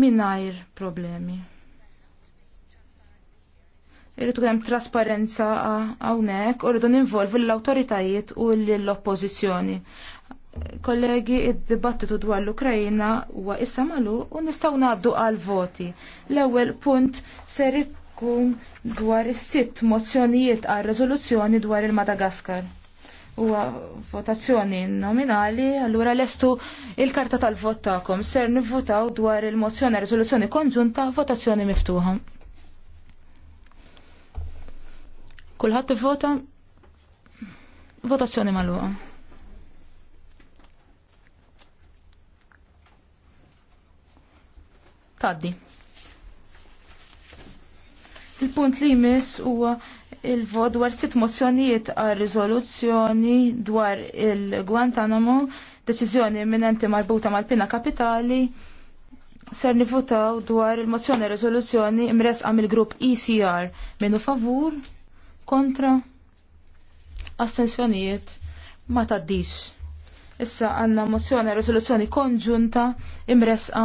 Minajr problemi. Irridu kien hemm trasparenza hawnhekk u rridu ninvolvu l-awtoritajiet u l-oppożizzjoni. Kollegi, id-dibattitu dwar l-Ukrajina huwa issa malu u nistgħu ngħaddu għal voti. L-ewwel punt ser ikun dwar is-sitt mozzjonijiet għal riżoluzzjoni dwar il-Madagaskar huwa votazzjoni nominali, allura lestu il-karta tal-vot ta'kom ser nivvutaw dwar il-mozzjoni riżoluzzjoni konġunta votazzjoni miftuħa. Kulħadd ivvota votazzjoni magħluqa. Taddi. Il-punt li jmiss huwa il-vot dwar sitt mozzjonijiet għal riżoluzzjoni dwar il-Guantanamo, deċiżjoni imminenti marbuta mal-pina kapitali, ser nivutaw dwar il-mozzjoni riżoluzzjoni għam mill-grupp ECR minnu favur, kontra, astensjonijiet, ma taddix. Issa għanna mozzjoni riżoluzzjoni konġunta imresqa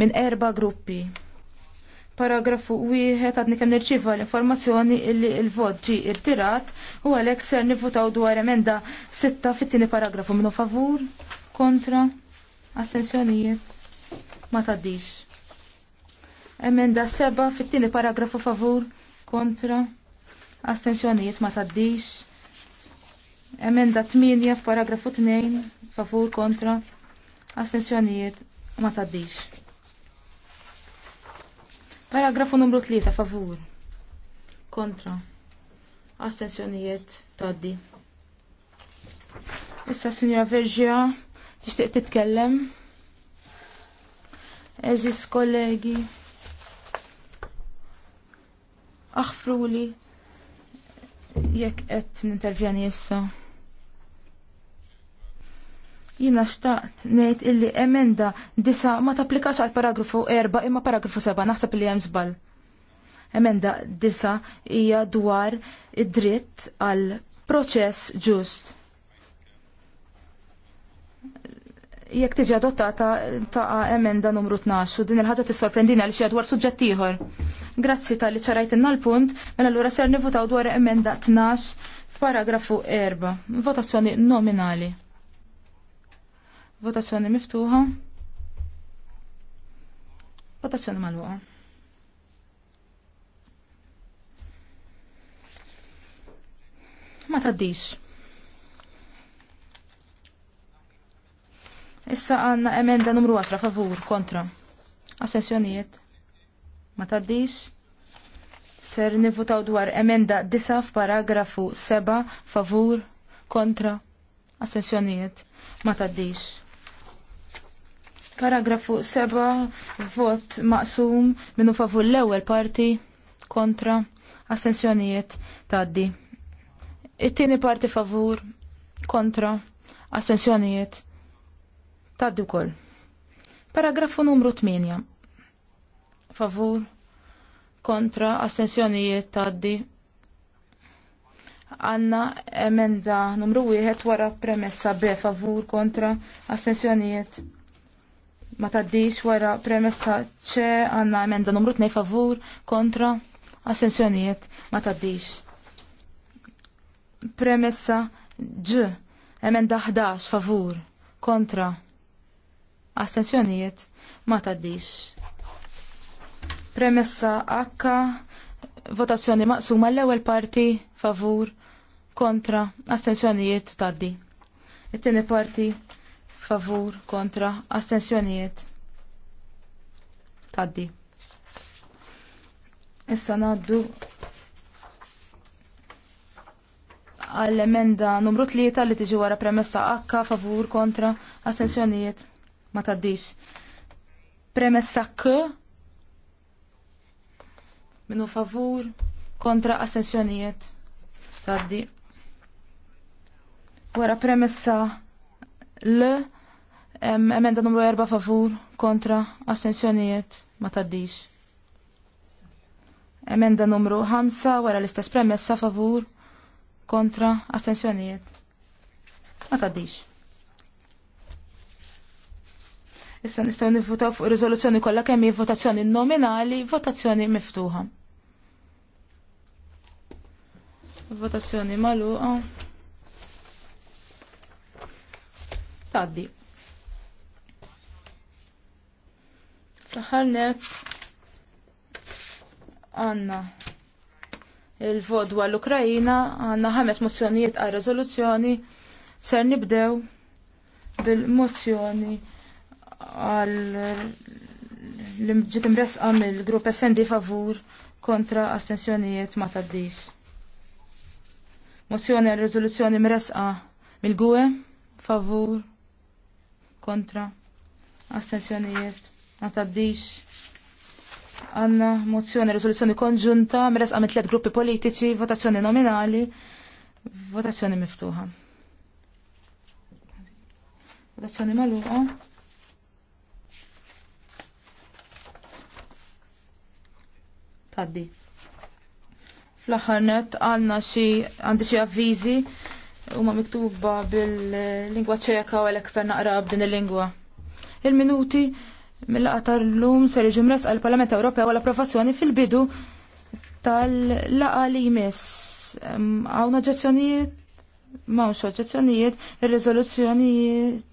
minn erba gruppi paragrafu wieħed għadni kemm nirċiva l-informazzjoni li l-vot ġi irtirat u għalhekk ser nivvutaw dwar emenda sitta fit-tieni paragrafu minnu favur, kontra, astensjonijiet, ma taddix. Emenda seba fit-tieni paragrafu favur, kontra, astensjonijiet ma taddix. Emenda 8 f'paragrafu 2 favur kontra, astensjonijiet ma taddix. Paragrafu numru 3 favur. Kontra. Astensjonijiet taddi. Issa Signora Verġja tixtieq titkellem. Eżis kollegi. Aħfruli jekk qed nintervjani issa. Jina xtaqt nejt illi emenda disa ma tapplikax għal paragrafu 4 imma paragrafu 7 naħseb li hemm żball. Emenda disa hija dwar id-dritt għal proċess ġust. Jekk tiġi adottata ta' emenda numru 12 din il-ħaġa tissorprendina għal xi dwar suġġett ieħor. Grazzi tal-li ċarajt inna l-punt, mela allura ser nivutaw dwar emenda 12 f'paragrafu 4, votazzjoni nominali. Votazzjoni miftuħa. Votazzjoni magħluqa. Ma taddix. Issa għanna emenda numru 10 favur kontra. Assessjonijiet. Ma taddix. Ser nivutaw dwar emenda 9 f'paragrafu 7 favur kontra. Assessjonijiet. Ma taddix. Paragrafu 7, vot maqsum minnu favur l-ewwel parti kontra astensjonijiet taddi. It-tieni parti favur kontra astensjonijiet taddi wkoll. Paragrafu numru 8. Favur kontra astensjonijiet taddi. Għanna emenda numru 1 wara premessa B favur kontra astensjonijiet ma taddix wara premessa ċe għanna emenda numru 2 favur kontra assenzjonijiet ma taddix. Premessa ġ emenda 11 favur kontra astensjonijiet ma taddix. Premessa H votazzjoni maqsuma l-ewwel parti favur kontra astensjonijiet taddi. It-tieni parti favur kontra astensjonijiet taddi. Issa naddu għall-emenda numru 3 li tiġi wara premessa H favur kontra astensjonijiet ma taddix. Premessa K minu favur kontra astensjonijiet taddi. Wara premessa L Emenda numru 4 favur kontra astensjonijiet ma taddix. Emenda numru 5 wara l-istess premessa favur kontra astensjonijiet ma taddix. Issa nistgħu nivvutaw fuq riżoluzzjoni kollha kemm hi votazzjoni nominali, votazzjoni miftuħa. Votazzjoni magħluqa. Taddi. fl għanna għandna il-vot dwar l-Ukrajina għandna ħames mozzjonijiet għal riżoluzzjoni ser nibdew bil-mozzjoni għal l-ġiet imresqa mill-grupp SND favur kontra astensjonijiet ma Taddis. Mozzjoni għal riżoluzzjoni mresqa mill gwe favur kontra astensjonijiet ma Għanna mozzjoni risoluzzjoni konġunta mres għamet tliet gruppi politiċi, votazzjoni nominali, votazzjoni miftuħa. Votazzjoni magħluqa. Taddi. Fl-aħħar net għandna xi għandi xi avviżi huma miktuba bil-lingwa ċeka u l-ektar naqra b'din il-lingwa. Il-minuti mill-qatar l-lum ser iġu għal-Parlament Ewropew għal approvazzjoni fil-bidu tal-laqa li jmiss. Għawna oġġezzjonijiet, mawx ġezzjonijiet, ir-rezoluzzjonijiet